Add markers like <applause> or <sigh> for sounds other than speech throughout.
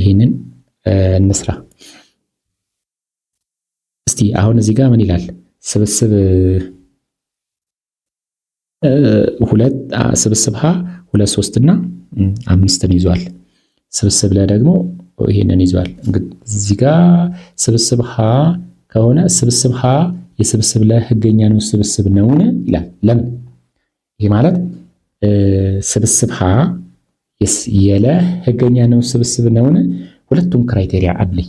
ይህንን እንስራ። እስቲ አሁን እዚህ ጋር ምን ይላል? ስብስብ ሁለት ስብስብ ሀ ሁለት ሶስት እና አምስትን ይዟል። ስብስብ ላይ ደግሞ ይህንን ይዟል። እዚህ ጋር ስብስብ ሀ ከሆነ ስብስብ ሀ የስብስብ ለ ህገኛ ነው ስብስብ ነውን ይላል። ለምን? ይህ ማለት ስብስብ ሀ የለ ህገኛ ነው ስብስብ ነውን? ሁለቱም ክራይቴሪያ አለኝ።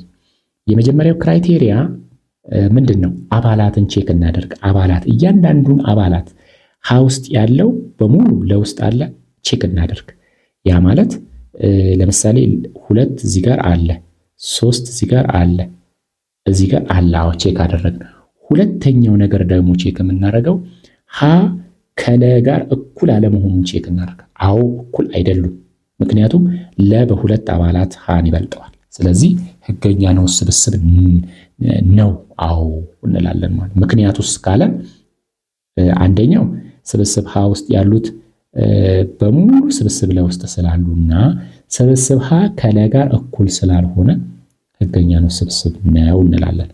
የመጀመሪያው ክራይቴሪያ ምንድን ነው? አባላትን ቼክ እናደርግ። አባላት እያንዳንዱን አባላት ሀ ውስጥ ያለው በሙሉ ለውስጥ አለ ቼክ እናደርግ። ያ ማለት ለምሳሌ ሁለት እዚህ ጋር አለ፣ ሶስት እዚህ ጋር አለ፣ እዚህ ጋር አለ። አዎ ቼክ አደረግ። ሁለተኛው ነገር ደግሞ ቼክ የምናደርገው ሀ ከለ ጋር እኩል አለመሆኑን ቼክ እናደርግ። አዎ እኩል አይደሉም። ምክንያቱም ለ በሁለት አባላት ሀን ይበልጠዋል። ስለዚህ ህገኛ ነው ስብስብ ነው አዎ እንላለን ማለት ምክንያቱ ውስጥ ካለ አንደኛው ስብስብ ሀ ውስጥ ያሉት በሙሉ ስብስብ ለ ውስጥ ስላሉና ስብስብ ሀ ከለ ጋር እኩል ስላልሆነ ህገኛ ነው ስብስብ ነው እንላለን።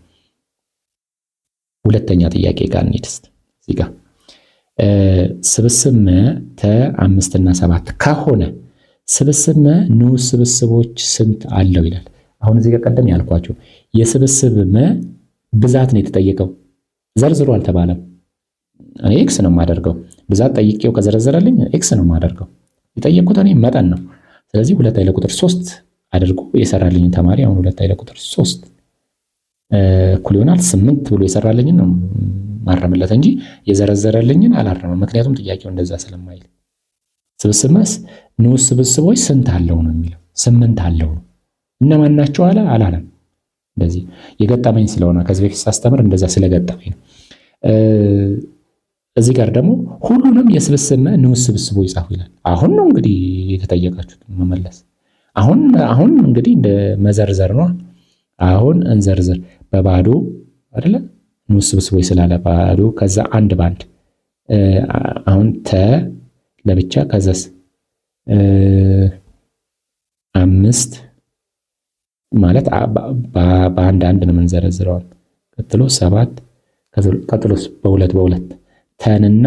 ሁለተኛ ጥያቄ ጋር እንሂድ እስኪ እዚህ ጋር ስብስብ መ ተ አምስትና ሰባት ከሆነ ስብስብ መ ንዑስ ስብስቦች ስንት አለው ይላል። አሁን እዚህ ጋር ቀደም ያልኳቸው የስብስብ መ ብዛት ነው የተጠየቀው። ዘርዝሩ አልተባለም። እኔ ኤክስ ነው የማደርገው። ብዛት ጠይቄው ከዘረዘረልኝ ኤክስ ነው የማደርገው። የጠየቅኩት እኔ መጠን ነው። ስለዚህ ሁለት ኃይለ ቁጥር ሶስት አድርጎ የሰራልኝን ተማሪ አሁን ሁለት ኃይለ ቁጥር ሶስት እኩል ይሆናል ስምንት ብሎ የሰራልኝን ነው ማረምለት እንጂ የዘረዘረልኝን አላረመም። ምክንያቱም ጥያቄው እንደዛ ስለማይል ስብስብ ማስ ንዑስ ስብስቦች ስንት አለው ነው የሚለው ስምንት አለው ነው። እነማን ናቸው አለ አላለም። እንደዚህ የገጠመኝ ስለሆነ ከዚህ በፊት ሳስተምር እንደዛ ስለገጠመኝ ነው። እዚህ ጋር ደግሞ ሁሉንም የስብስብ ንዑስ ስብስቦች ይጻፉ ይላል። አሁን ነው እንግዲህ የተጠየቃችሁት መመለስ። አሁን አሁን እንግዲህ እንደ መዘርዘር ነው። አሁን እንዘርዝር በባዶ አይደለ ንዑስ ስብስቦች ስላለ ባዶ ከዛ አንድ ባንድ አሁን ተ ለብቻ ከዘስ አምስት ማለት በአንድ አንድ ነው የምንዘረዝረው ቀጥሎ ሰባት ቀጥሎስ በሁለት በሁለት ተንና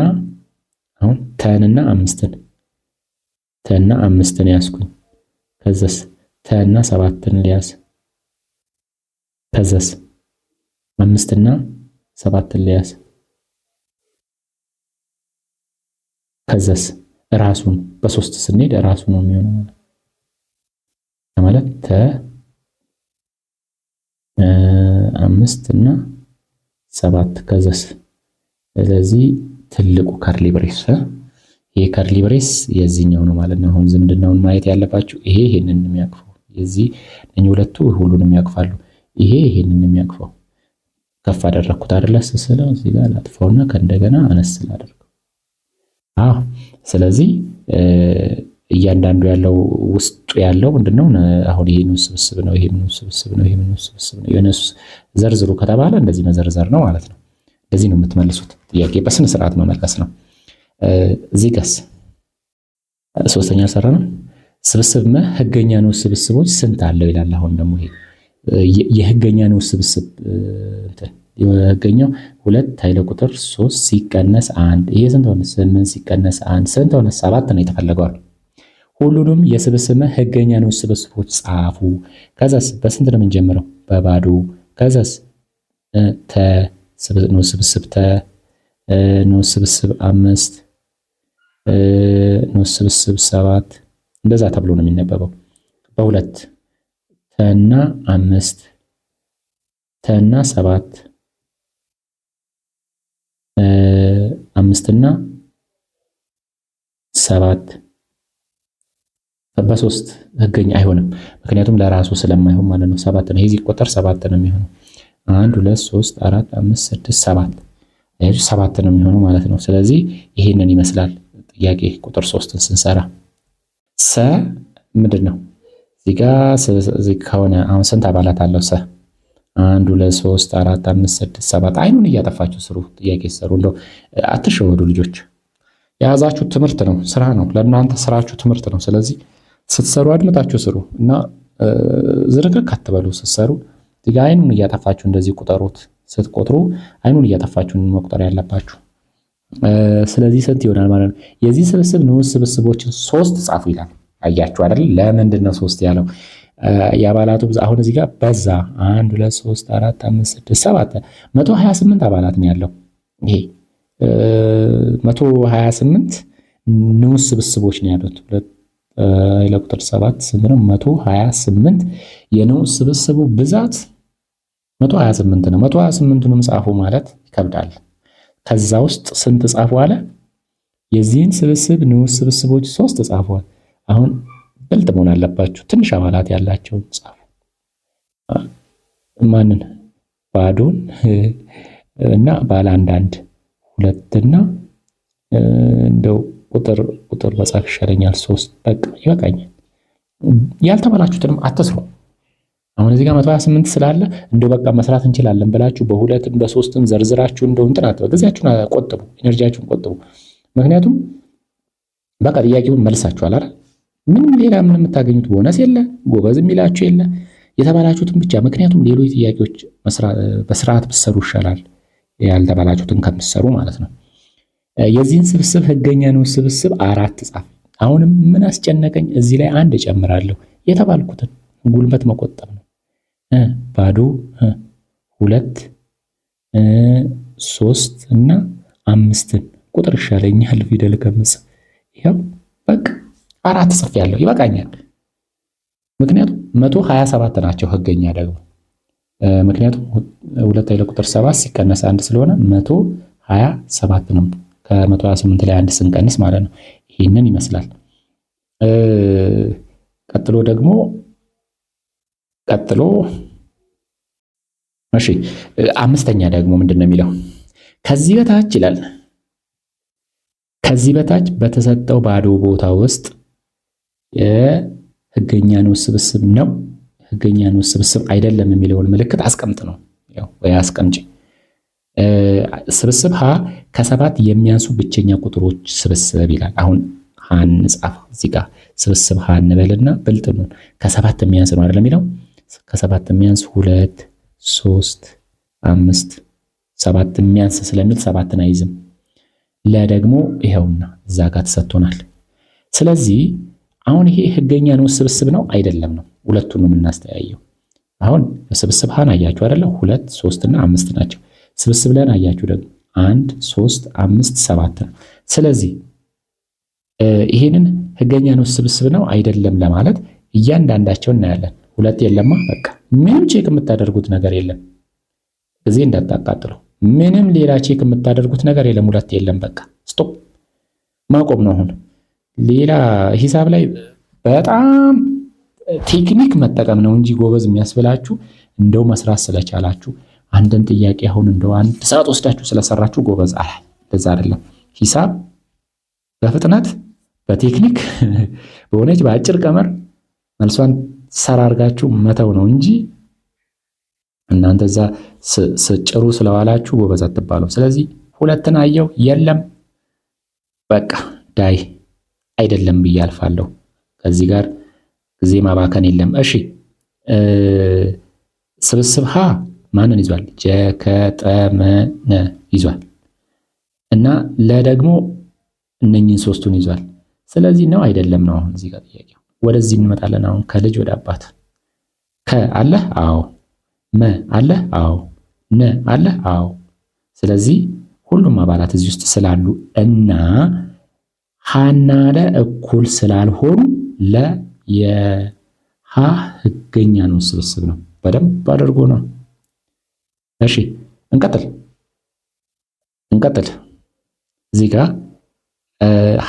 አሁን ተንና አምስትን ተና አምስትን ያስኩኝ። ከዘስ ተንና ሰባትን ሊያስ ከዘስ አምስትና ሰባትን ሊያስ ከዘስ። ራሱን በሶስት ስንሄድ ራሱ ነው የሚሆነው ማለት ተ አምስት እና ሰባት ከዘስ ስለዚህ ትልቁ ከርሊ ብሬስ ይሄ ከርሊ ብሬስ የዚህኛው ነው ማለት ነው። አሁን ዝምድናውን ማየት ያለባችሁ ይሄ ይሄንን የሚያቅፈው የዚህ እነኚህ ሁለቱ ሁሉንም ያቅፋሉ። ይሄ ይሄንን የሚያቅፈው ከፍ አደረኩት አይደለ? ስስለው እዚህ ጋር ላጥፋውና ከእንደገና አነስ ላደርገው። አዎ ስለዚህ እያንዳንዱ ያለው ውስጡ ያለው ምንድነው? አሁን ይሄ ስብስብ ነው፣ ይሄ ምን ስብስብ ነው፣ ይሄ ምን ስብስብ ነው። የንዑስ ዘርዝሩ ከተባለ እንደዚህ መዘርዘር ነው ማለት ነው። እንደዚህ ነው የምትመልሱት ጥያቄ በስነ ስርዓት መመለስ ነው። እዚህ ቀስ ሶስተኛ ሰራ ነው ስብስብ መ ህገኛ ነው ስብስቦች ስንት አለው ይላል። አሁን ደግሞ ይሄ የህገኛ ነው ስብስብ የሚገኘው ሁለት ኃይለ ቁጥር ሶስት ሲቀነስ አንድ ይሄ ስንት ሆነ? ስምንት ሲቀነስ አንድ ስንት ሆነ? ሰባት ነው የተፈለገዋል። ሁሉንም የስብስብ ህገኛ ነው ስብስቦች ጻፉ። ከዛስ በስንት ነው የምንጀምረው? በባዶ ከዛስ ተ ነው ስብስብ ተ ነው ስብስብ አምስት ነው ስብስብ ሰባት እንደዛ ተብሎ ነው የሚነበበው በሁለት ተና አምስት ተና ሰባት አምስት እና ሰባት በሶስት ህገኝ አይሆንም። ምክንያቱም ለራሱ ስለማይሆን ማለት ነው። ሰባት ነው የዚህ ቁጥር ሰባት ነው የሚሆነው። አንድ ሁለት ሶስት አራት አምስት ስድስት ሰባት ሰባት ነው የሚሆነው ማለት ነው። ስለዚህ ይሄንን ይመስላል ጥያቄ ቁጥር ሶስትን ስንሰራ ሰ ምንድን ነው እዚህ ጋር ከሆነ አሁን ስንት አባላት አለው ሰ አንድ ሁለት ሶስት አራት አምስት ስድስት ሰባት አይኑን እያጠፋችሁ ስሩ። ጥያቄ ስሩ እንደው አትሸወዱ ልጆች። የያዛችሁ ትምህርት ነው፣ ስራ ነው። ለእናንተ ስራችሁ ትምህርት ነው። ስለዚህ ስትሰሩ አድምጣችሁ ስሩ እና ዝርክርክ አትበሉ። ስትሰሩ ዚጋ አይኑን እያጠፋችሁ እንደዚህ ቁጠሩት። ስትቆጥሩ አይኑን እያጠፋችሁ መቁጠር ያለባችሁ። ስለዚህ ስንት ይሆናል ማለት ነው? የዚህ ስብስብ ንዑስ ስብስቦችን ሶስት ጻፉ ይላል። አያችሁ አይደል? ለምንድን ነው ሶስት ያለው? የአባላቱ አሁን እዚህ ጋር በዛ አንድ ሁለት ሶስት አራት አምስት ስድስት ሰባት መቶ ሀያ ስምንት አባላት ነው ያለው። ይሄ መቶ ሀያ ስምንት ንዑስ ስብስቦች ነው ያሉት። ለቁጥር ሰባት ስንት ነው? መቶ ሀያ ስምንት የንዑስ ስብስቡ ብዛት መቶ ሀያ ስምንት ነው። መቶ ሀያ ስምንቱንም ጻፉ ማለት ይከብዳል። ከዛ ውስጥ ስንት ጻፉ አለ? የዚህን ስብስብ ንዑስ ስብስቦች ሶስት ጻፏል። አሁን ግልጥ መሆን አለባችሁ። ትንሽ አባላት ያላቸውን ጻፉ። ማንን ባዶን እና ባለ አንዳንድ ሁለትና እንደው ቁጥር ቁጥር መጻፍ ይሻለኛል። ሶስት በቃ ይበቃኛል። ያልተባላችሁትንም አትስሩ። አሁን እዚህ ጋር 128 ስላለ እንደው በቃ መስራት እንችላለን ብላችሁ በሁለትም በሶስትም ዘርዝራችሁ እንደው እንትን አትበል። ጊዜያችሁን ቆጥቡ፣ ኤነርጂያችሁን ቆጥቡ። ምክንያቱም በቃ ጥያቄውን መልሳችኋል አይደል ምንም ሌላ ምን የምታገኙት ቦነስ የለ፣ ጎበዝ የሚላችሁ የለ። የተባላችሁትን ብቻ ምክንያቱም ሌሎች ጥያቄዎች በስርዓት ብትሰሩ ይሻላል፣ ያልተባላችሁትን ከምትሰሩ ማለት ነው። የዚህን ስብስብ ህገኛ ነው ስብስብ አራት ጻፍ። አሁንም ምን አስጨነቀኝ፣ እዚህ ላይ አንድ እጨምራለሁ። የተባልኩትን ጉልበት መቆጠብ ነው። ባዶ ሁለት ሶስት እና አምስትን ቁጥር ይሻለኛል ፊደል ከምጽፍ። ይኸው በቃ አራት ጽፍ ያለው ይበቃኛል። ምክንያቱም መቶ ሰባት ናቸው ህገኛ ደግሞ ምክንያቱም ሁለት ኃይለ ቁጥር 7 ሲቀነስ አንድ ስለሆነ መቶ ሰባት ነው። ከ ከ128 ላይ አንድ ስንቀንስ ማለት ነው። ይህንን ይመስላል። ቀጥሎ ደግሞ ቀጥሎ እሺ አምስተኛ ደግሞ ምንድን ነው የሚለው ከዚህ በታች ይላል ከዚህ በታች በተሰጠው ባዶ ቦታ ውስጥ የህገኛ ንዑስ ስብስብ ነው ህገኛ ንዑስ ስብስብ አይደለም የሚለውን ምልክት አስቀምጥ ነው ወይ አስቀምጪ። ስብስብ ሀ ከሰባት የሚያንሱ ብቸኛ ቁጥሮች ስብስብ ይላል። አሁን ሀ እንጻፍ እዚህ ስብስብ ሀ እንበልና ብልጥ ከሰባት የሚያንስ ነው አይደለም የሚለው ከሰባት የሚያንስ ሁለት ሶስት አምስት ሰባት የሚያንስ ስለሚል ሰባትን አይዝም። ለደግሞ ይኸውና እዛ ጋር ተሰጥቶናል። ስለዚህ አሁን ይሄ ህገኛ ንዑስ ስብስብ ነው አይደለም ነው። ሁለቱን ነው የምናስተያየው። አሁን ስብስብ ሀን አያችሁ አይደለ? ሁለት ሶስት እና አምስት ናቸው። ስብስብ ለን አያችሁ ደግሞ አንድ ሶስት አምስት ሰባት ነው። ስለዚህ ይሄንን ህገኛ ንዑስ ስብስብ ነው አይደለም ለማለት እያንዳንዳቸው እናያለን። ሁለት የለማ በቃ ምንም ቼክ የምታደርጉት ነገር የለም። እዚህ እንዳታቃጥሉ። ምንም ሌላ ቼክ የምታደርጉት ነገር የለም። ሁለት የለም። በቃ ስቶፕ ማቆም ነው አሁን ሌላ ሂሳብ ላይ በጣም ቴክኒክ መጠቀም ነው እንጂ ጎበዝ የሚያስብላችሁ እንደው መስራት ስለቻላችሁ አንድን ጥያቄ አሁን እንደው አንድ ሰዓት ወስዳችሁ ስለሰራችሁ ጎበዝ አላ እንደዛ አይደለም። ሂሳብ በፍጥነት በቴክኒክ <laughs> በሆነች በአጭር ቀመር መልሷን ሰራርጋችሁ መተው ነው እንጂ እናንተ እዛ ስጭሩ ስለዋላችሁ ጎበዝ አትባሉም። ስለዚህ ሁለትን አየው የለም በቃ ዳይ አይደለም ብዬ አልፋለሁ። ከዚህ ጋር ጊዜ ማባከን የለም። እሺ ስብስብ ሀ ማንን ይዟል? ጀከጠመነ ይዟል እና ለደግሞ እነኝን ሶስቱን ይዟል። ስለዚህ ነው አይደለም ነው። አሁን እዚህ ጋር ጥያቄው ወደዚህ እንመጣለን። አሁን ከልጅ ወደ አባት ከ አለ አዎ፣ መ አለ አዎ፣ ነ አለ አዎ። ስለዚህ ሁሉም አባላት እዚህ ውስጥ ስላሉ እና ሀና ለ እኩል ስላልሆኑ ለ የሀ ህገኛ ነው፣ ስብስብ ነው። በደንብ አድርጎ ነው። እሺ እንቀጥል እንቀጥል። እዚህ ጋ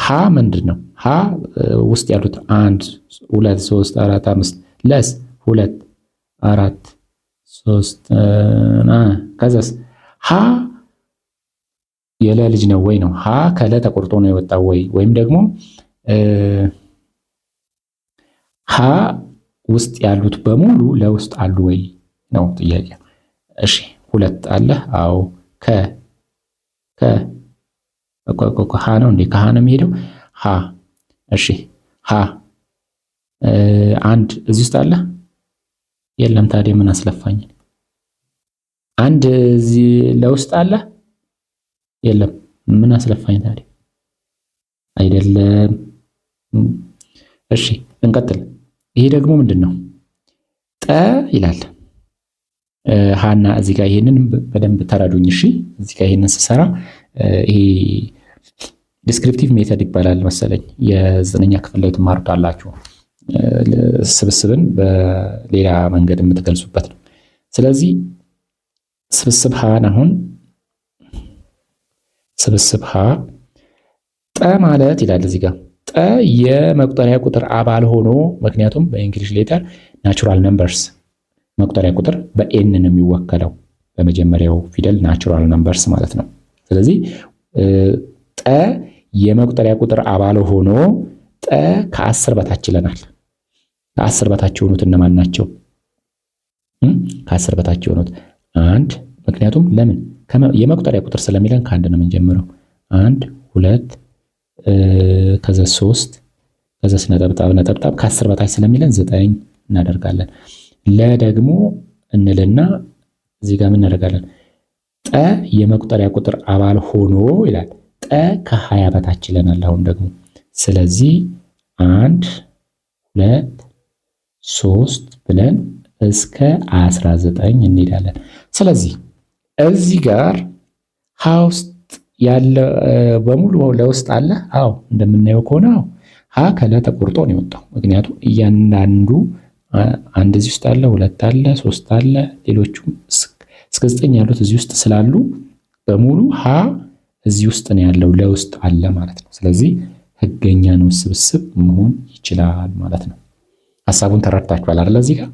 ሀ ምንድን ነው? ሀ ውስጥ ያሉት አንድ፣ ሁለት፣ ሶስት፣ አራት፣ አምስት ለስ ሁለት፣ አራት፣ ሶስት ከዛስ ሀ የለ ልጅ ነው ወይ ነው። ሀ ከለ ተቆርጦ ነው የወጣው ወይ ወይም ደግሞ ሀ ውስጥ ያሉት በሙሉ ለውስጥ አሉ ወይ ነው ጥያቄ። እሺ ሁለት አለ። አዎ ከ ከ ሀ ነው እንዴ? ከሀ ነው የሚሄደው። ሀ እሺ ሀ አንድ እዚህ ውስጥ አለ የለም። ታዲያ ምን አስለፋኝ? አንድ እዚህ ለውስጥ አለ የለም። ምን አስለፋኝ ታዲያ አይደለም። እሺ እንቀጥል። ይሄ ደግሞ ምንድን ነው? ጠ ይላል ሃና እዚህ ጋር ይሄንን በደንብ ተረዱኝ። እሺ እዚህ ጋር ይሄንን ስሰራ ይሄ ዲስክሪፕቲቭ ሜተድ ይባላል መሰለኝ። የዘጠነኛ ክፍል ላይ ትማሩታላችሁ። ስብስብን በሌላ መንገድ የምትገልጹበት ነው። ስለዚህ ስብስብ ሃን አሁን ስብስብ ሀ ጠ ማለት ይላል እዚህ ጋር ጠ የመቁጠሪያ ቁጥር አባል ሆኖ ምክንያቱም በእንግሊሽ ሌተር ናቹራል ነምበርስ መቁጠሪያ ቁጥር በኤን ነው የሚወከለው በመጀመሪያው ፊደል ናቹራል ነምበርስ ማለት ነው። ስለዚህ ጠ የመቁጠሪያ ቁጥር አባል ሆኖ ጠ ከአስር በታች ይለናል። ከአስር በታች የሆኑት እነማን ናቸው? ከአስር በታች የሆኑት አንድ ምክንያቱም ለምን የመቁጠሪያ ቁጥር ስለሚለን ከአንድ ነው የምንጀምረው። አንድ ሁለት፣ ከዘ ሶስት፣ ከዛ ነጠብጣብ ነጠብጣብ ከአስር በታች ስለሚለን ዘጠኝ እናደርጋለን። ለ ደግሞ እንልና እዚህ ጋር ምን እናደርጋለን? ጠ የመቁጠሪያ ቁጥር አባል ሆኖ ይላል። ጠ ከሀያ በታች ይለናል። አሁን ደግሞ ስለዚህ አንድ ሁለት ሶስት ብለን እስከ አስራ ዘጠኝ እንሄዳለን። ስለዚህ እዚህ ጋር ሃ ውስጥ ያለ በሙሉ ለውስጥ አለ። አዎ እንደምናየው ከሆነ አዎ ሀ ከለ ተቆርጦ ነው የወጣው። ምክንያቱም እያንዳንዱ አንድ እዚህ ውስጥ አለ፣ ሁለት አለ፣ ሶስት አለ፣ ሌሎቹም እስከ ዘጠኝ ያሉት እዚህ ውስጥ ስላሉ በሙሉ ሀ እዚህ ውስጥ ነው ያለው፣ ለውስጥ አለ ማለት ነው። ስለዚህ ህገኛ ነው ስብስብ መሆን ይችላል ማለት ነው። ሀሳቡን ተረድታችኋል አይደል? እዚህ ጋር